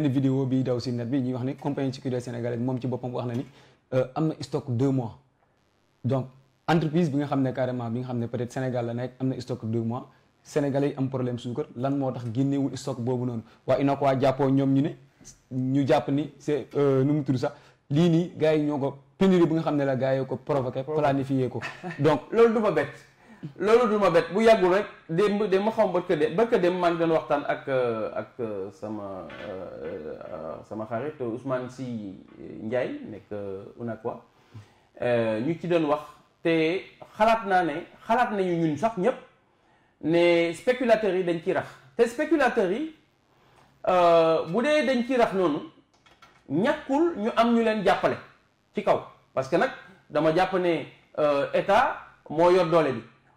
benn vidéo bi daw si net bi ñuy wax euh, bi nga xam ne carrément bi nga xam ne peut-être Sénégal la nekk am na stock deux mois sénégalais yi am kër lan moo tax génnewul stock boobu noonu waa INACO waa jàppoo ñoom ñu ne ñu jàpp ni c'est euh, nu mu tudd sax lii nii gars yi ñoo ko pénurie bi nga xam ne la gars yi ko provoqué planifié ko donc loolu du bett loolu du ma bett bu yàggul rek démb démb ma xam barka démb barka démb maa ngi doon waxtaan ak euh, ak euh, sama euh, sama xarit Ousmane si Ndiaye nekk UNACOIS ñu ci doon wax te xalaat naa ne xalaat nañu ñun sax ñépp ne spéculateurs yi dañ ci rax te spéculateurs yi bu dee dañ ci rax noonu ñàkkul ñu am ñu leen jàppale ci kaw parce que nag dama jàpp ne état moo yor doole bi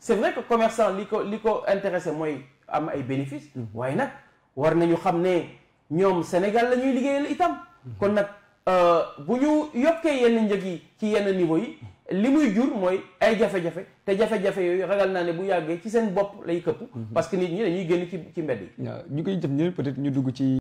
c' est vrai que commerçant li ko li ko intéressé mooy am ay bénéfices. Mhm. waaye nag war nañu xam ne ñoom Sénégal lañuy ñuy liggéeyal itam. Mhm. kon nag euh, bu ñu yokkee yenn njëg yi ci yenn niveau yi mhm. li muy jur mooy ay jafe-jafe te jafe-jafe yooyu ragal naa ne bu yàggee ci seen bopp lay këpp. parce que nit ñi dañuy génn ci ci mbedd yi. ñu koy jëf ñeneen être ñu dugg ci.